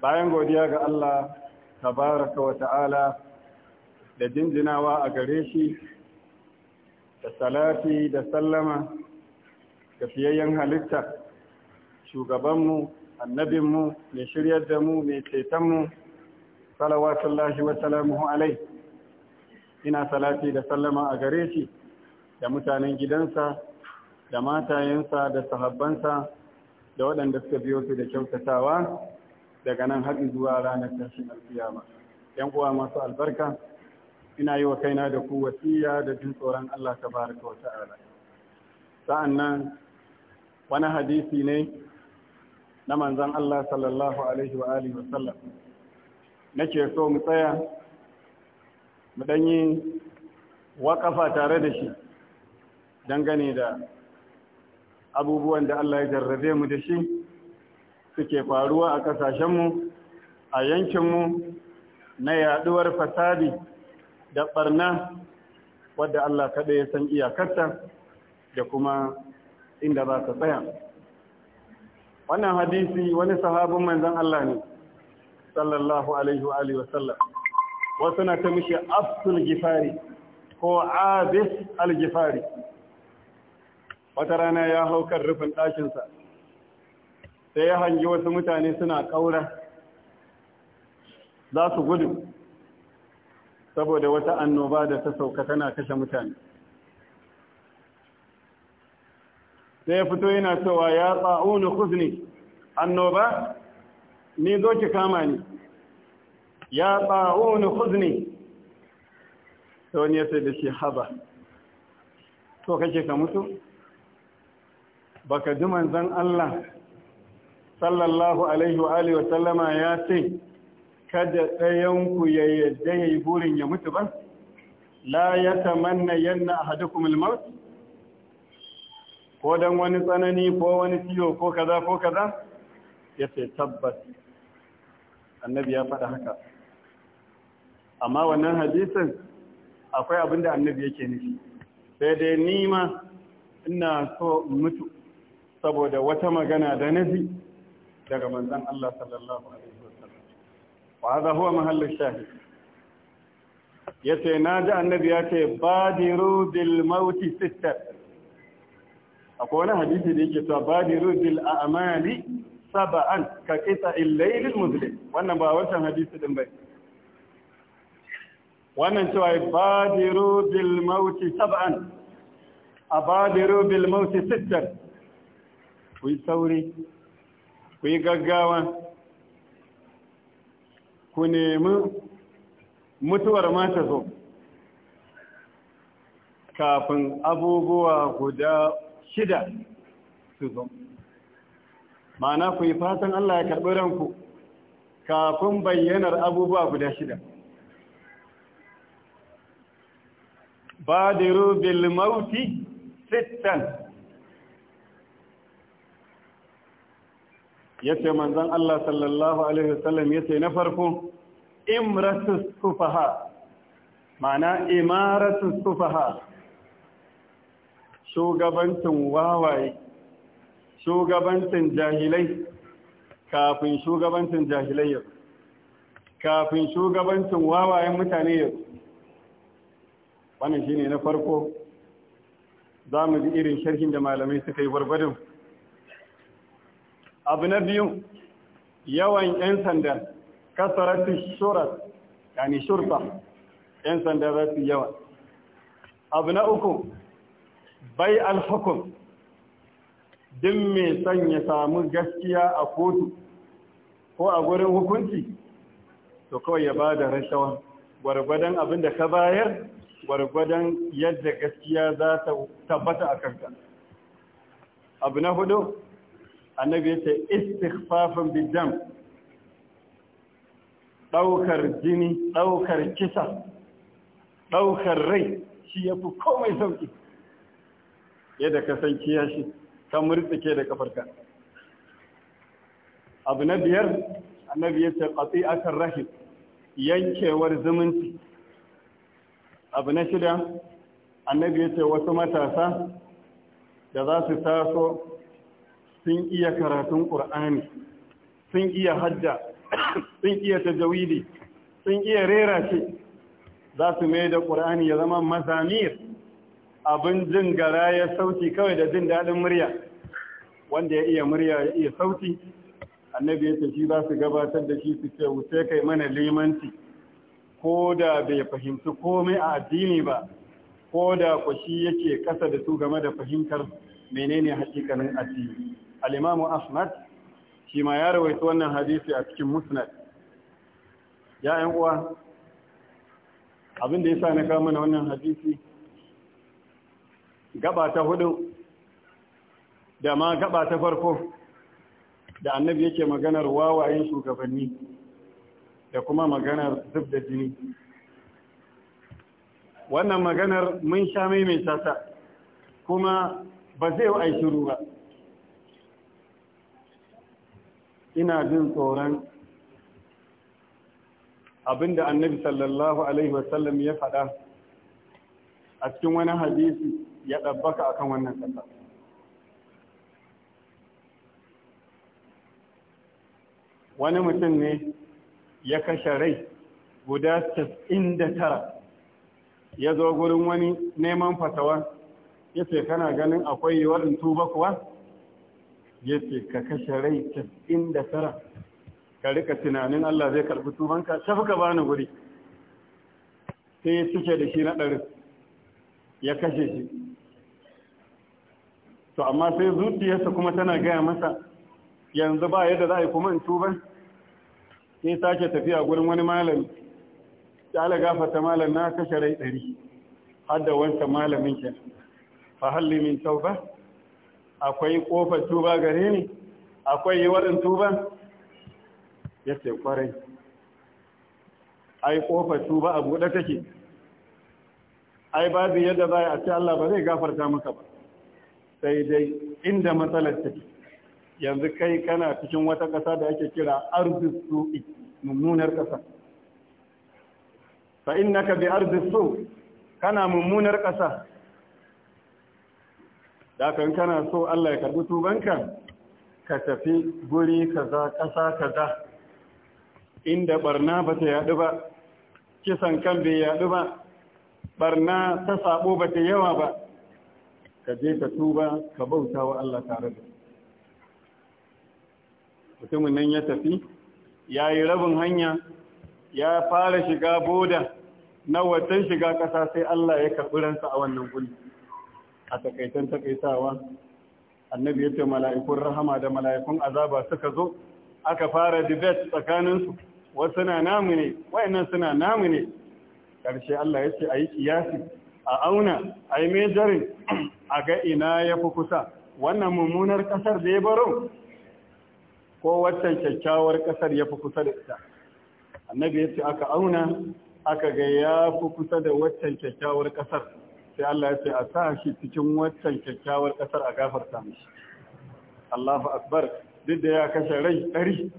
bayan godiya ga Allah tabaraka wa ta'ala da jinjinawa a gare shi da salati da sallama ga fiyayyen halitta shugabanmu annabinmu mai shiryar da mu mai cetonmu salawatullahi wa salamuhu alai ina salati da sallama a gare shi da mutanen gidansa da matayensa da sahabbansa da waɗanda suka biyo su da kyautatawa daga nan har zuwa ranar tashin alkiyama yan uwa masu albarka ina yi wa kaina da ku wasiya da jin tsoron Allah Ta baraka wa ta'ala Sa'an nan wani hadisi ne na manzan Allah sallallahu alaihi wa alihi wa sallam nake so mu tsaya mu ɗanyi waƙafa tare da shi dangane da abubuwan da Allah ya jarrabe mu da shi suke faruwa a ƙasashenmu a yankinmu na yaɗuwar fasadi da ɓarna wadda Allah kaɗai ya san iyakarta da kuma inda ba ta tsaya. Wannan hadisi wani sahabin manzan Allah ne, sallallahu Alaihi wa sallam. Wasu na ta mishi Abdul Gifari ko Abis Al-Gifari. Wata rana ya hau kan rufin ɗakinsa. sai ya hangi wasu mutane suna ƙaura za su gudu saboda wata annoba da ta sauka tana kashe mutane sai ya fito yana cewa ya tsa'unu kuzni annoba ni zo ki kama ni ya tsa'unu kuzni ta wani ya sai da shi haba to kake ka mutu baka ji manzan Allah sallallahu alaihi wa alihi wa sallama ya ce kada ɗayanku ya yadda ya yi burin ya mutu ba la ya tamanna yanna ahadukum al-maut ko dan wani tsanani ko wani ciwo ko kaza ko kaza ya ce tabbas annabi ya faɗa haka amma wannan hadisin akwai abin da annabi yake nufi sai dai nima ina so mutu saboda wata magana da nufi daga manzan Allah sallallahu alaihi wasallam wa hadha huwa Ya ce na ji annabi ce badiru bil maut sitta akwai wani hadisi da yake cewa badiru bil a'mali saba'an ka qita illai layl musulun. wannan ba wancan hadisi din bai wannan cewa badiru bil maut sab'an abadiru bil maut sitta ku sauri ku yi gaggawa ku nemi mutuwar mata zo kafin abubuwa guda shida su zo ma'ana ku yi fatan Allah ya karɓi ranku kafin bayyanar abubuwa guda shida Ba da rubin mauti sittan yace manzon Allah sallallahu alaihi wasallam yace na farko imratus sufaha ma'ana imaratus sufaha shugabancin wawaye shugabancin jahilai kafin shugabancin jahilai yau kafin shugabancin wawayen mutane yau wannan shine na farko za mu ji irin sharhin da malamai suka yi gwargwadon abu na biyu yawan 'yan sanda kasarati shurat yani shurta 'yan sanda za su yawa abu na uku bai alhukum din mai son ya samu gaskiya a kotu ko a gurin hukunci to kawai ya ba da rashawan gwargwadon abin da ka bayar gwargwadon yadda gaskiya za ta tabbata a kanta abu na hudu annabi yace istighfafan bidam daukar jini daukar kisa daukar rai shi yafi komai sauki yadda ka san kiyashi ka murtsike da kafarka abu na biyar annabi ya ce ƙatsi akan rahim yankewar zumunci abu na shida annabi ya ce wasu matasa da za su taso sun iya karatun ƙur'ani sun iya hajja sun iya tajawidi sun iya rera ce za su mai da ƙur'ani ya zama mazamir abin jin gara ya sauti kawai da jin daɗin murya wanda ya iya murya ya iya sauti annabi ya ce shi za su gabatar da shi su ce wuce kai mana limanci ko da bai fahimci komai a addini ba ko da kwashi yake kasa da su game da fahimtar menene hakikanin addini al-imamu ahmad shi ma ya rawaita wannan hadisi a cikin musnad ya yan uwa abin da yasa na kawo mana wannan hadisi gaba ta hudu da ma gaba ta farko da annabi yake maganar wawayen shugabanni da kuma maganar zub da jini wannan maganar mun sha mai ta kuma ba zai yi shiru ba ina jin tsoron abin da annabi sallallahu alaihi wasallam ya faɗa a cikin wani hadisi ya ɗabbaka akan wannan ƙasa wani mutum ne ya kashe rai guda 99 ya zo gurin wani neman fatawa ya ce kana ganin akwai yiwuwar tuba kuwa ya ce ka kashe rai casa'in da tara ka rika tunanin Allah zai karɓi tubanka tafi ka bani guri sai ya cike da shi na ɗari ya kashe shi to amma sai zuciyarsa kuma tana gaya masa yanzu ba yadda za a yi kuma in tuban sai sake tafiya gurin wani malami ala gafata malam na kashe rai ɗari har da wancan malamin ke fa halli min tauba akwai kofar tuba gare ni akwai yiwarin tuban ya ce kwarai ai kofar tuba a buɗe take ai babu yadda za a ce Allah ba zai gafarta maka ba sai dai inda matsalar take yanzu kai kana cikin wata ƙasa da ake kira arzis su'i mummunar ƙasa fa innaka bi arzis su kana mummunar ƙasa da kana so Allah ya karbi tubanka ka tafi guri kaza ƙasa kaza inda barna ba ta yaɗu ba kisan kan bai yaɗu ba barna ta sabo ba ta yawa ba ka je ka tuba ka bauta wa Allah tare da mutumin nan ya tafi ya yi rabin hanya ya fara shiga boda na watan shiga ƙasa sai Allah ya karɓi ransa a wannan guri a takaitan takaitawa annabi ya ce mala'ikun rahama da mala'ikun azaba suka zo aka fara debate tsakaninsu wasu na namu ne wayannan suna namu ne ƙarshe Allah ya ce a yi kiyasi a auna a yi mejarin a ga ina ya fi kusa wannan mummunar ƙasar da ya baro ko waccan kyakkyawar ƙasar ya fi kusa da ita annabi ya ce aka auna aka ga ya fi kusa da waccan kyakkyawar ƙasar sai Allah ya ce a sa shi cikin waccan kyakkyawar ƙasar a gafarta mishi Allahu akbar duk da ya kashe rai ɗari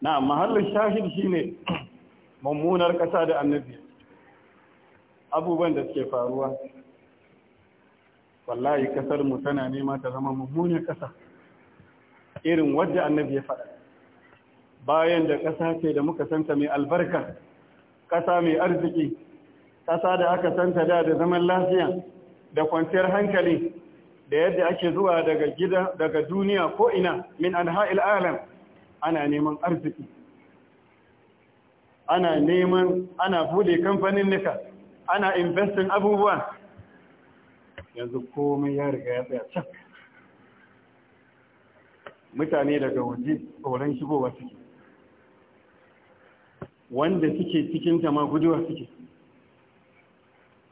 na mahallin shahid ne mummunar ƙasa da annabi abubuwan da suke faruwa wallahi kasar mu tana nema ta zama mummunar ƙasa irin wadda annabi ya faɗa bayan da ƙasa ce da muka santa mai albarka ƙasa mai arziki ƙasa da aka santa da da zaman lafiya da kwanciyar hankali da yadda ake zuwa daga gida daga duniya ko ina min ha'il alam ana neman arziki ana neman ana bude kamfanin nika ana investin abubuwa yanzu komai ya riga ya tsaya can mutane daga waje tsoron shigowa suke wanda suke cikin ma guduwa suke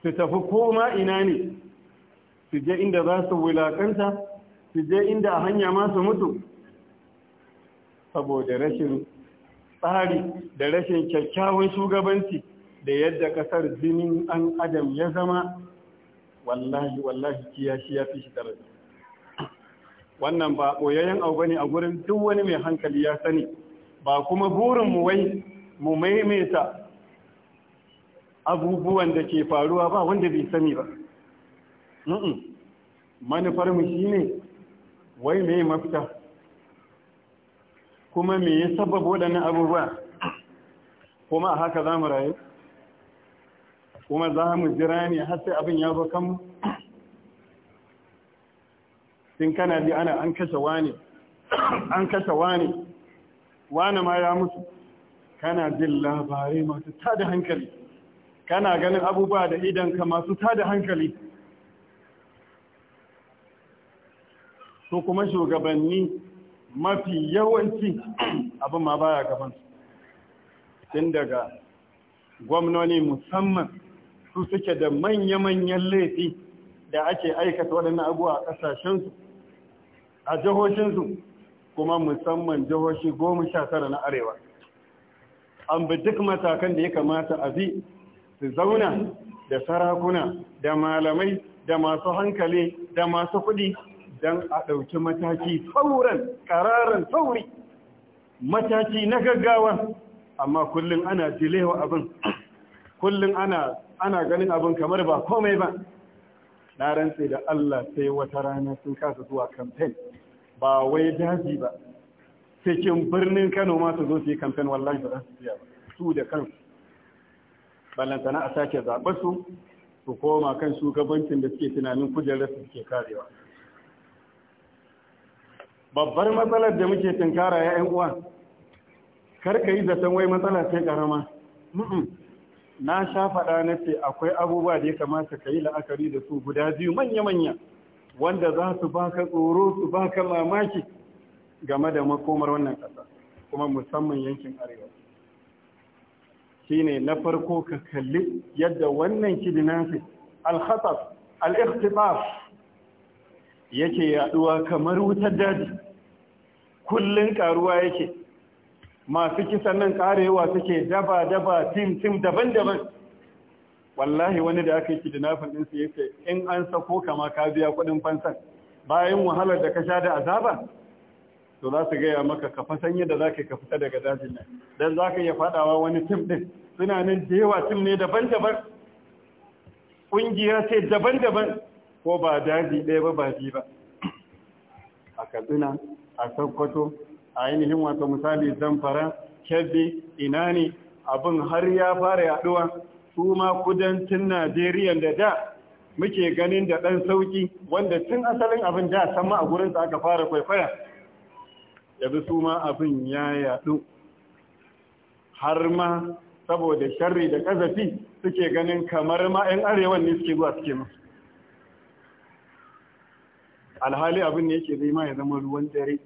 su tafi koma ina ne su je inda za su wulakanta su je inda a hanya masu mutu saboda rashin tsari da rashin kyakkyawan shugabanci da yadda kasar jinin an adam ya zama wallahi wallahi shi ya fi shi daraja wannan ba ɓoyayyen abu bane a gurin duk wani mai hankali ya sani ba kuma burin mu wai mu maimaita abubuwan da ke faruwa ba wanda bai sani ba manufar mu ne, wai me mafita kuma me ya sababa waɗannan abubuwa kuma a haka za mu raye? kuma za mu jira ne har sai abin ya zo kanmu sun kana bi ana an kashe wani an kashe wani wani ma ya mutu kana jin labarai masu tada hankali kana ganin abubuwa da idanka masu tada hankali su kuma shugabanni mafi yawanci abin ma baya gabansu tun daga gwamnoni musamman su suke da manya-manyan laifi da ake aikata waɗannan abuwa a ƙasashensu a jihoshinsu kuma musamman jihoshi goma sha tara na arewa an bi duk matakan da ya kamata a bi su zauna da sarakuna da malamai da masu hankali da masu kuɗi don a ɗauki mataki sauran ƙararan sauri mataki na gaggawa amma kullum ana jilewa abin kullum ana ganin abin kamar ba komai ba na rantse da Allah sai wata rana sun kasa zuwa kamfen ba wai daji ba cikin birnin Kano ma su zo su yi kamfen wallon da za su ba su da kansu ballantana a sake zaɓar su su koma kan shugabancin da suke tunanin kujerar su suke karewa babbar matsalar da muke tunkara ya yan uwa kar ka yi zaton wai matsala sai karama na sha faɗa na ce akwai abubuwa da ya kamata ka yi la'akari da su guda biyu manya-manya wanda za su baka tsoro su baka mamaki game da makomar wannan ƙasa kuma musamman yankin arewa shine na farko ka kalli yadda wannan kidnapping al-khatar al yake yaduwa kamar wutar daji kullun karuwa yake masu kisan nan karewa suke daba daba tim tim daban-daban wallahi wani da aka yi kidinafin din su yake in an sako kama ka biya kudin fansan bayan wahalar da ka sha da azaba to za su gaya maka ka fasan yadda za ka fita daga dajin nan don za ka iya fadawa wani tim ɗin. suna nan da yawa sun ne daban-daban ƙungiya ce daban-daban ko ba daji ɗaya ba ba ba a katsina a sokoto a ainihin wata misali zamfara kebbi ina ne abin har ya fara yaduwa su ma kudancin najeriya da da muke ganin da ɗan sauƙi wanda tun asalin abin da san ma a gurinsa aka fara kwaikwaya yabi su ma abin ya yadu har ma saboda sharri da kazafi suke ganin kamar ma 'yan arewan ne suke zuwa suke musu alhali abin ne yake zai ma ya zama ruwan dare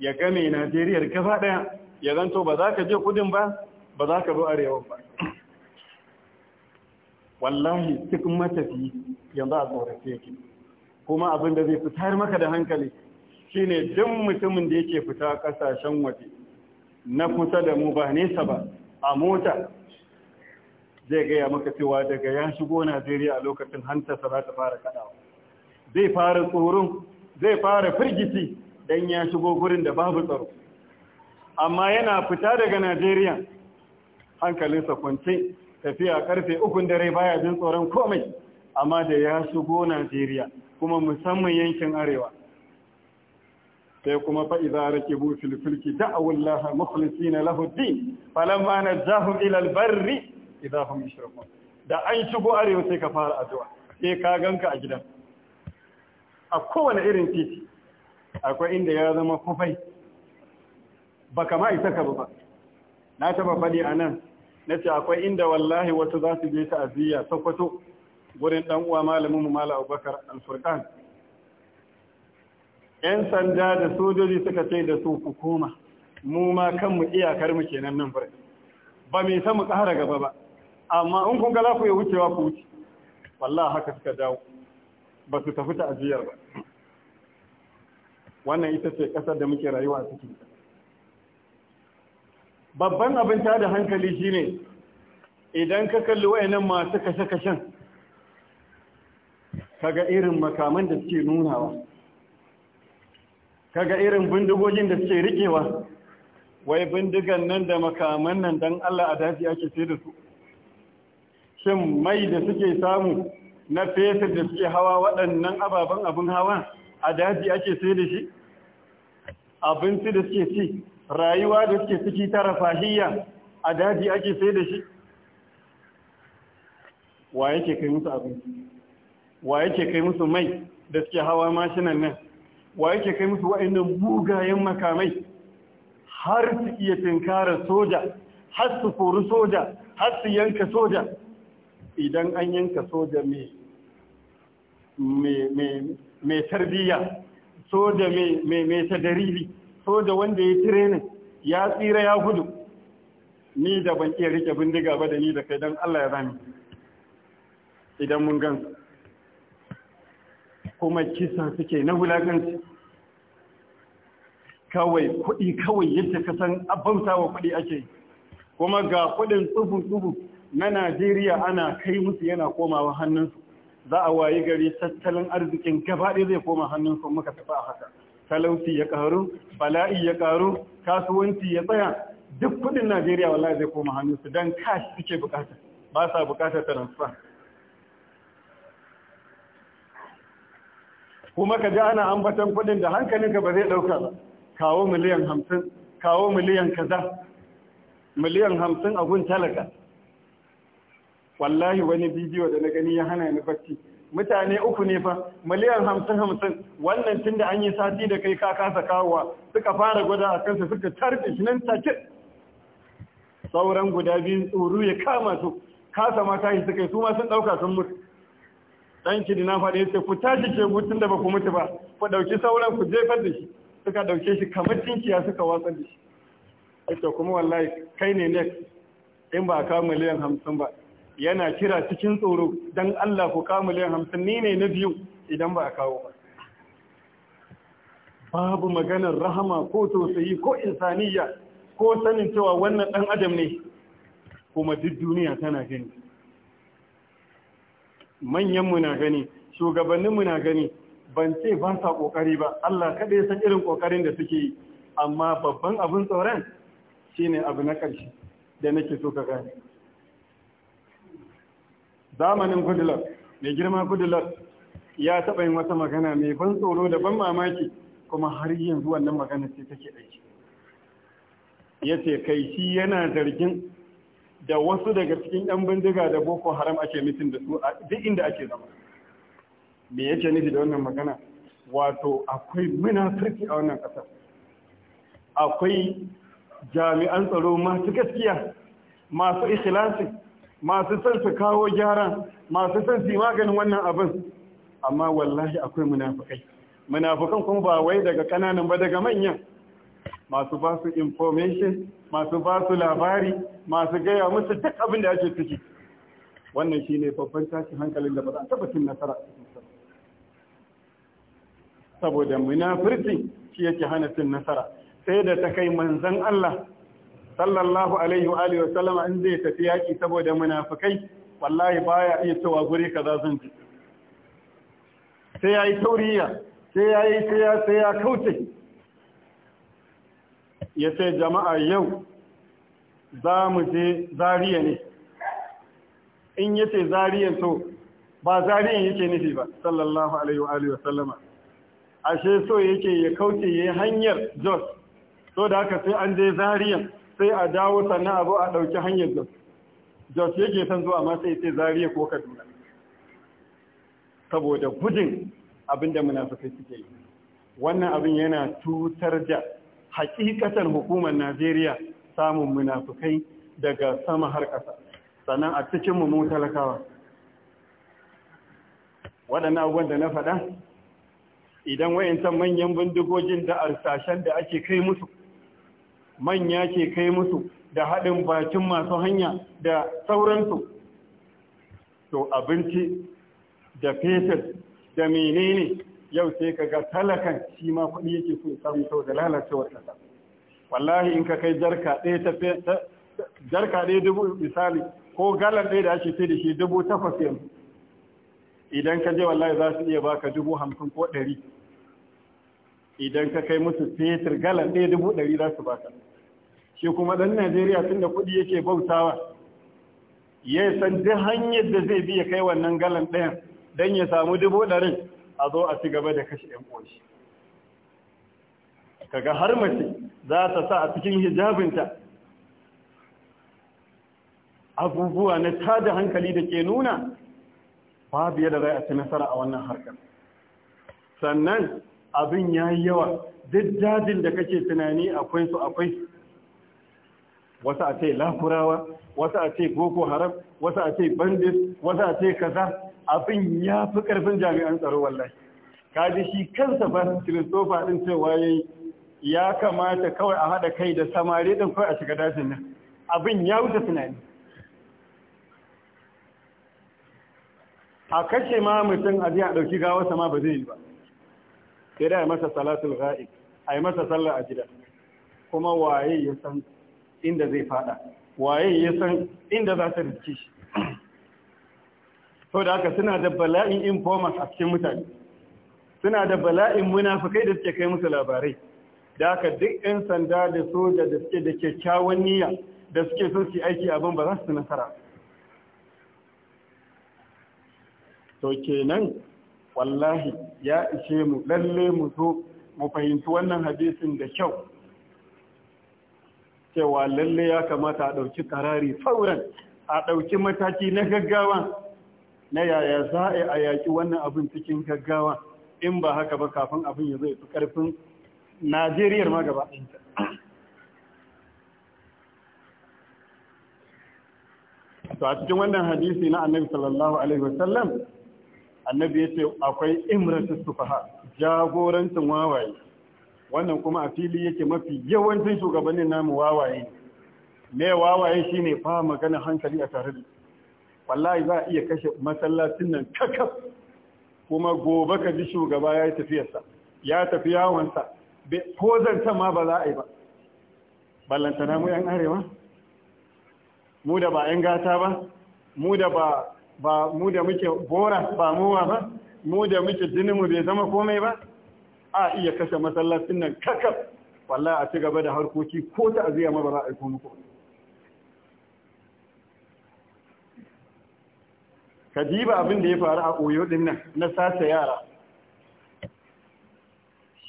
ya game najeriya gaba ɗaya ya zanto ba za ka je kudin ba ba za ka zo arewan ba wallahi duk matafi yanzu a tsorace yake kuma abin da zai fitar maka da hankali shine duk mutumin da yake fita kasashen waje na kusa da mu ba nesa ba a mota zai gaya maka cewa daga ya shigo Najeriya a lokacin hantarsa za ta fara kaɗawa. Zai fara tsoron, zai fara firgici don ya shigo gurin da babu tsaro. Amma yana fita daga Najeriya, hankalinsa kwance, tafiya karfe ukun dare baya jin tsoron komai, amma da ya shigo Najeriya, kuma musamman yankin Arewa. sai kuma fa'iza rake bu filfilki da'awun laha makulisina lahuddin falamma na jahun ilal barri da an shigo arewa sai ka fara addu'a sai ka ganka a gidan a kowane irin titi akwai inda ya zama kufai ba kama isa ka ba na taba faɗi a nan na ce akwai inda wallahi wasu za su je ta'aziyya sokoto gurin ɗan uwa malamin mu mala abubakar alfurkan yan sanda da sojoji suka ce da su hukuma mu ma kanmu iyakar mu kenan nan fure ba mai samu ƙara gaba ba amma in kun gala ku yi wucewa ku wuce wallah haka suka dawo ba su tafi ta ajiyar ba wannan ita ce ƙasar da muke rayuwa a cikin babban abin ta da hankali shine idan ka kalli wayannan masu kashe-kashen kaga irin makaman da suke nunawa kaga irin bindigogin da suke rikewa wai bindigan nan da makaman nan dan Allah a daji ake sai da su shin mai da suke samu na fetur da suke hawa waɗannan ababen abin hawa a daji ake sai da shi abinci da suke ci rayuwa da suke ciki ta rafahiyya a daji ake sai da shi wa yake kai musu abinci wa yake kai musu mai da suke hawa mashinan nan wa yake kai musu wa'annan bugayen makamai har su iya tinkara soja har su kori soja har su yanka soja idan an yanka soja mai tarbiyya soja mai tadarili soja wanda ya tirenin ya tsira ya gudu ni da ban iya rike bindiga ba da ni da kai don Allah ya rami idan mun gan kuma kisa suke na wulaganci kawai kuɗi kawai yadda ka san abauta wa kuɗi ake kuma ga kuɗin tsubu-tsubu na Najeriya ana kai musu yana komawa hannunsu za a wayi gari tattalin arzikin gabaɗe zai koma hannunsu muka tafi a haka talauci ya ƙaru bala'i ya ƙaru kasuwanci ya tsaya duk kudin Najeriya wallahi zai koma hannunsu don kashi suke bukata ba sa bukatar transfer kuma ka ji ana ambatan kudin da ka ba zai dauka ba kawo miliyan hamsin kawo miliyan kaza miliyan hamsin a gun talaka wallahi wani bidiyo da na gani ya hana ni bacci mutane uku ne fa miliyan hamsin hamsin wannan tun da an yi sati da kai ka kasa kawowa suka fara gwada a kansa suka tarbe shi nan take sauran guda biyun tsoro ya kama su kasa ma tashi suka yi su ma sun ɗauka sun mutu ɗan ki na faɗi ya ce ku tashi ke mutun da ba ku mutu ba ku ɗauki sauran ku jefar da shi suka ɗauke shi kamar tinkiya suka watsar da shi Ita kuma wallahi kai ne next in ba a kawo miliyan hamsin ba yana kira cikin tsoro don Allah ku kamule hamsin ni ne na biyu idan ba a kawo ba babu maganar rahama ko tausayi ko insaniya ko sanin cewa wannan ɗan adam ne kuma duk duniya tana gani manyanmu na gani shugabanninmu na gani ban ce ba sa ƙoƙari ba Allah kaɗe san irin ƙoƙarin da suke yi amma babban abin tsoron shi ne abu na ƙarshe da nake so ka gane zamanin kudular mai girma kudular ya taɓa yin wata magana mai ban tsoro da ban mamaki kuma har yanzu wannan magana ce take aiki ya ce kai shi yana zargin da wasu daga cikin ɗan bindiga da boko haram ake mitin da su a duk inda ake zama me yake nufi da wannan magana wato akwai munafurci a wannan ƙasar akwai jami'an tsaro masu gaskiya masu ikhlasi masu son su kawo gyara. masu son su yi maganin wannan abin amma wallahi akwai munafukai munafukan kuma ba wai daga kananan ba daga manyan masu ba su information masu ba su labari masu gaya musu duk abin da ake ciki wannan shi ne babban tashin hankalin da ba za a cin nasara saboda munafurci shi yake hana cin nasara sai da ta kai manzan Allah sallallahu alaihi wa alihi wa sallama in zai tafi yaki saboda munafikai wallahi baya iya cewa guri kaza zan je sai yayi tauriya sai yayi sai ya sai ya kauce ya ce jama'a yau za mu je zariya ne in yace Zariya to ba zariya yake nufi ba sallallahu alaihi wa alihi wa sallama ashe so yake ya kauce yayi hanyar Jos so da haka sai an je Zariya. sai a dawo sannan abu a ɗauki hanyar jos jos yake son zuwa ma sai sai zariya ko kaduna saboda gudun abin da munafukai suke yi wannan abin yana cutar da hakikatan hukumar najeriya samun munafukai daga sama har ƙasa sannan a cikin mu talakawa waɗannan abubuwan da na faɗa idan wayancan manyan bindigogin da arsashen da ake kai musu manya ke kai musu da haɗin bakin masu hanya da sauransu to abinci da fetur da menene yau sai ka ga talakan shi ma kuɗi yake so ya samu sau da lalacewar ƙasa wallahi in ka kai jarka ɗaya ta jarka ɗaya dubu misali ko galan ɗaya da ake sai da shi dubu takwas yanzu idan ka je wallahi za su iya baka dubu hamsin ko ɗari idan ka kai musu fetur galan ɗaya dubu ɗari za su baka shi kuma ɗan najeriya tun da kuɗi yake bautawa ya san duk hanyar da zai biya kai wannan galan ɗayan don ya samu dubu ɗarin a zo a ci gaba da kashe ɗan ƙoshi kaga har mace za ta sa a cikin hijabinta abubuwa na tada hankali da ke nuna babu yadda za a ci nasara a wannan harkar sannan abin ya yi yawa duk dajin da kake tunani akwai su akwai wasu a ce lafurawa wasu a ce boko haram wasu a ce bandit wasu a ce kaza abin ya fi karfin jami'an tsaro wallahi kaji shi kansa ba kiristofa din cewa yayi ya kamata kawai a haɗa kai da samari din kawai a shiga dajin nan abin ya wuce tunani a kashe ma mutum a a ɗauki gawarsa sama ba zai yi ba sai dai masa salatul a yi masa sallah a gida kuma waye ya san inda zai fada waye ya san inda za ta rikki shi da haka suna da bala'in informers a cikin mutane suna da bala'in munafikai da suke kai musu labarai da haka duk ɗan sanda da soja da suke da kyakkyawan niyya da suke so su aiki abin ba za su nasara to kenan wallahi ya ishe mu lalle mu zo mu fahimci wannan hadisin da kyau cewa lalle ya kamata a ɗauki karari fauran a ɗauki mataki na gaggawa na yaya za a yaƙi wannan abin cikin gaggawa in ba haka ba kafin abin ya zai fi ƙarfin najeriyar ma gaba to a cikin wannan hadisi na annabi sallallahu alaihi wasallam annabi ya ce akwai imratu sufaha jagorancin wawaye wannan kuma a fili yake mafi yawancin shugabannin namu wawaye ne wawaye shine fa magana hankali a tare da wallahi za a iya kashe masallacin nan kakaf kuma gobe ka ji shugaba ya yi tafiyarsa ya tafi yawonsa ko ta ma ba za a yi ba ballantana mu yan arewa mu da ba yan gata ba mu da ba ba mu da muke bora ba muwa ba mu da muke jininmu bai zama komai ba a iya kashe masallacin nan kakaf wallahi a ci gaba da harkoki ko ta aziya ma ba za a aiko muku ka diba abin da ya faru a koyo din nan na sace yara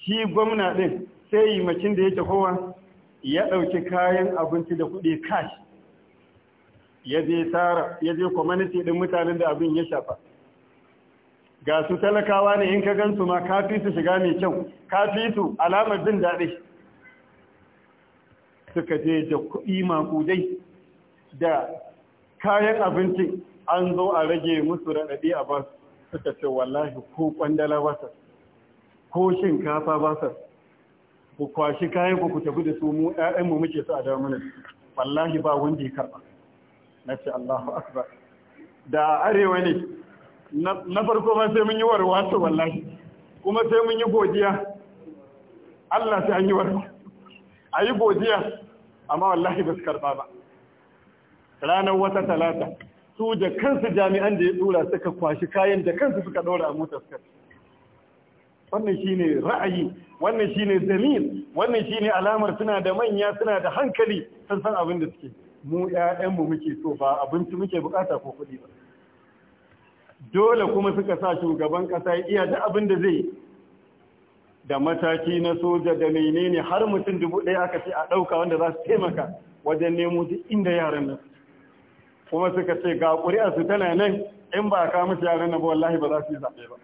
shi gwamna din sai yi makin da yake kowa ya ɗauki kayan abinci da kuɗi kashi ya je tara ya je community din mutanen da abin ya shafa ga su talakawa ne in ka gansu ma kafi su shiga mai kyau kafi su alamar din daɗi suka je da kuɗi makudai da kayan abinci an zo a rage musu raɗaɗi a ba suka ce wallahi ko ƙwandala ba sa ko shinkafa ba sa ku kwashi kayan ku ku tafi da su mu ƴaƴanmu muke su a damunan wallahi ba wanda ya karɓa na ce Allahu Akbar da arewa ne na farko ma sai mun yi warwa ta wallahi kuma sai mun yi godiya Allah sai an yi warwa a yi godiya amma wallahi ba su karba ba ranar wata talata su da kansu jami'an da ya dura suka kwashi kayan da kansu suka ɗora a motar suka wannan ne ra'ayi wannan shi ne zamin wannan shi ne alamar suna da manya suna da hankali sun san abin da suke mu ‘ya'yanmu muke so ba abinci muke bukata ko kuɗi ba dole kuma suka sa shugaban ƙasa iya da abin da zai da mataki na soja da menene har mutum dubu ɗaya aka ce a ɗauka wanda za su taimaka wajen nemo duk inda yaran nan kuma suka ce ga ƙuri'a su tana nan in ba ka musu yaran nan ba wallahi ba za su yi zaɓe ba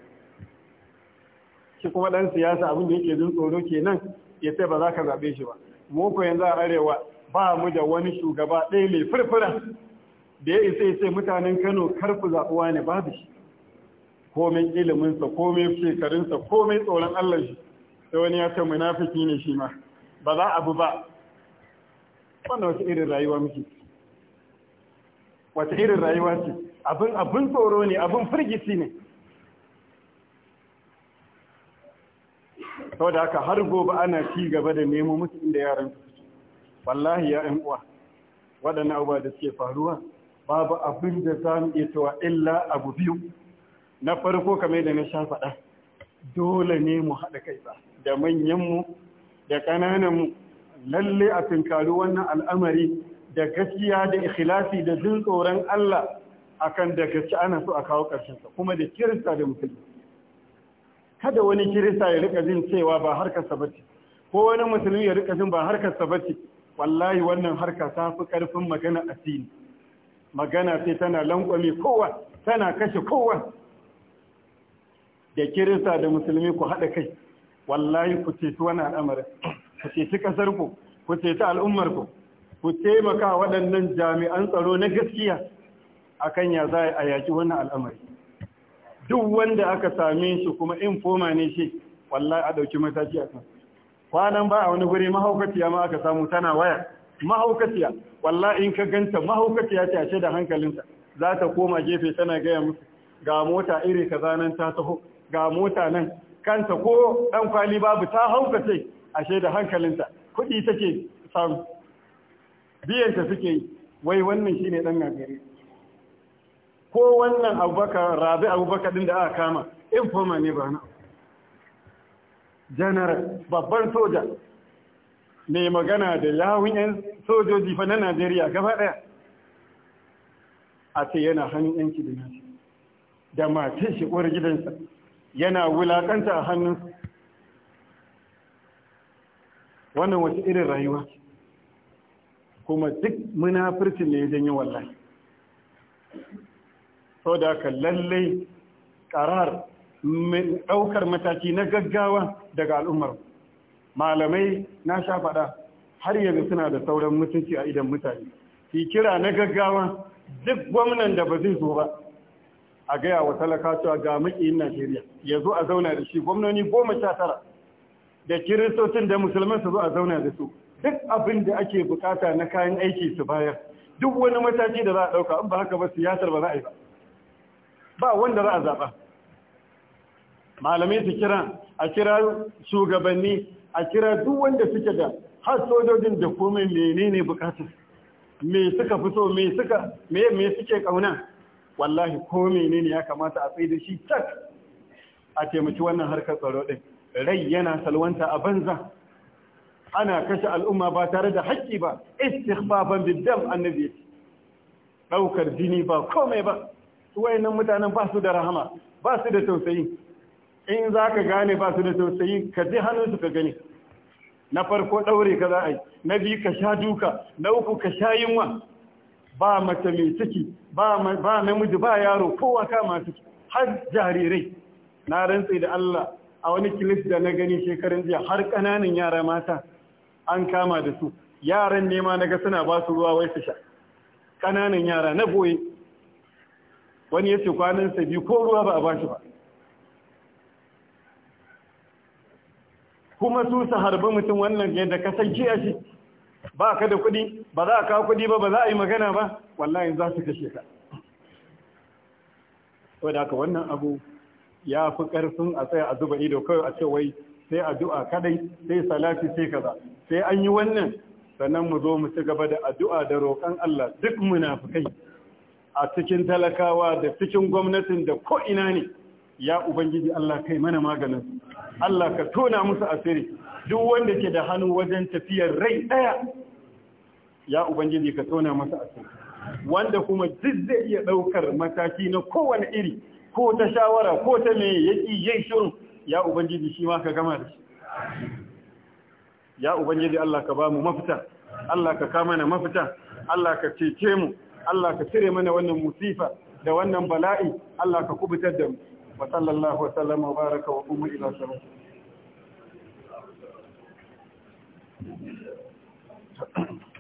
shi kuma ɗan siyasa abin da yake jin tsoro kenan ya ce ba za ka zaɓe shi ba mu yanzu a arewa ba mu da wani shugaba ɗaya mai furfura da ya isa ya mutanen kano karfi zaɓuwa ne babu shi komai iliminsa komai shekarunsa komai tsoron allah shi Da wani ya ce munafiki ne shi ma ba za abu ba wannan wata irin rayuwa muke wata irin rayuwa ce abin tsoro ne abin firgici ne da haka har gobe ana ci gaba da nemo musu inda yaran su wallahi ya yan uwa waɗannan abubuwa da suke faruwa babu abin da za mu iya ta'wa illa abu biyu na farko kamar da na sha faɗa dole ne mu haɗa kai ba da manyanmu da ƙanananmu lalle a tunkari wannan al'amari da gaskiya da ikhilasi da jin tsoron Allah akan da gaske ana so a kawo ƙarshensa kuma da kirista da musulmi kada wani kirista ya rika jin cewa ba harkar sabati ko wani musulmi ya rika jin ba harkar sabati wallahi wannan harka ta fi ƙarfin magana a asiri magana sai tana lankwame kowa tana kashe kowa da kirista da musulmi ku haɗa kai wallahi ku ceci wani al'amarin ku ceci ƙasarku ku ceci al'ummarku ku taimaka waɗannan jami'an tsaro na gaskiya A kan ya za a yaƙi wannan al'amari duk wanda aka same shi kuma in foma ne shi wallahi a ɗauki mataki a kansu kwanan ba a wani guri mahaukaciya ma aka samu tana waya mahaukaciya wallahi in ka ganta mahaukaciya ta ce da hankalinta za ta koma gefe tana gaya musu ga mota iri kaza nan ta taho ga mota nan kanta ko dan kwali babu ta haukace ashe da hankalinta kuɗi take samu biyanta suke yi wai wannan shine dan gari ko wannan abubakar rabi abubakar din da aka kama fama ne ba na janar babban soja mai magana da yawun 'yan sojoji fa na najeriya gaba daya a ce yana hannun 'yan kidinashi da mace shi uwar gidansa yana wulakanta a hannun wannan wasu irin rayuwa kuma duk firci ne don yi wallahi sau da aka lallai karar ɗaukar mataki na gaggawa daga al'ummar malamai na sha faɗa har yanzu suna da sauran mutunci a idan mutane ki kira na gaggawa duk gwamnan da ba zai zo ba a gaya wa talakatuwa ga Najeriya ya zo a zauna da shi gwamnoni goma sha tara da kiristocin da musulman su zo a zauna da su duk abin da ake bukata na kayan aiki su bayar duk wani mataki da za a ɗauka in ba haka ba siyasar ba za a yi ba ba wanda za a zaɓa malamai su kira a kira shugabanni a kira duk wanda suke da har sojojin da komai menene bukatar me suka fi so me suka me me suke kauna wallahi ko menene ya kamata a tsaye da shi tak a taimaki wannan harkar tsaro din rai yana salwanta a banza ana kashe al'umma ba tare da haƙƙi ba istighfafan biddam annabi daukar jini ba komai ba su wayannan mutanen ba su da rahama ba su da tausayi in za ka gane ba su da tausayi ka je hannunsu ka gani na farko ɗaure ka za a yi na biyu ka sha duka na uku ka sha yunwa ba mace mai ciki ba namiji ba yaro kowa ka masu har jarirai na rantsi da Allah a wani kilis da na gani shekarun jiya har ƙananan yara mata an kama da su yaran nema na ga suna ba su ruwa wai su sha ƙananan yara na boye wani ya ce kwanansa biyu ko ruwa ba a ba shi ba kuma su su harbi mutum wannan yadda ka san kiya shi ba ka da kuɗi ba za a kawo kuɗi ba ba za a yi magana ba wallahi za su kashe ka da haka wannan abu ya fi ƙarfin a tsaya a zuba ido kawai a ce wai sai addu'a kadai sai salati sai kaza sai an yi wannan sannan mu zo mu ci gaba da addu'a da roƙon Allah duk munafikai a cikin talakawa da cikin gwamnatin da ko ina ne ya ubangiji Allah kai mana maganin Allah ka tona musu asiri duk wanda ke da hannu wajen tafiyar rai daya ya ubangiji ka tona masa asiri wanda kuma duk zai iya daukar mataki na kowane iri ko ta shawara ko ta me yaki yayin shiru ya ubangiji shi ma ka gama da shi ya ubangiji Allah ka ba mu mafita Allah ka kama na mafita Allah ka cece mu Allah ka cire mana wannan musifa da wannan bala'i Allah ka kubutar da mu وصلى الله وسلم وبارك وقوم الى سلام Thank you.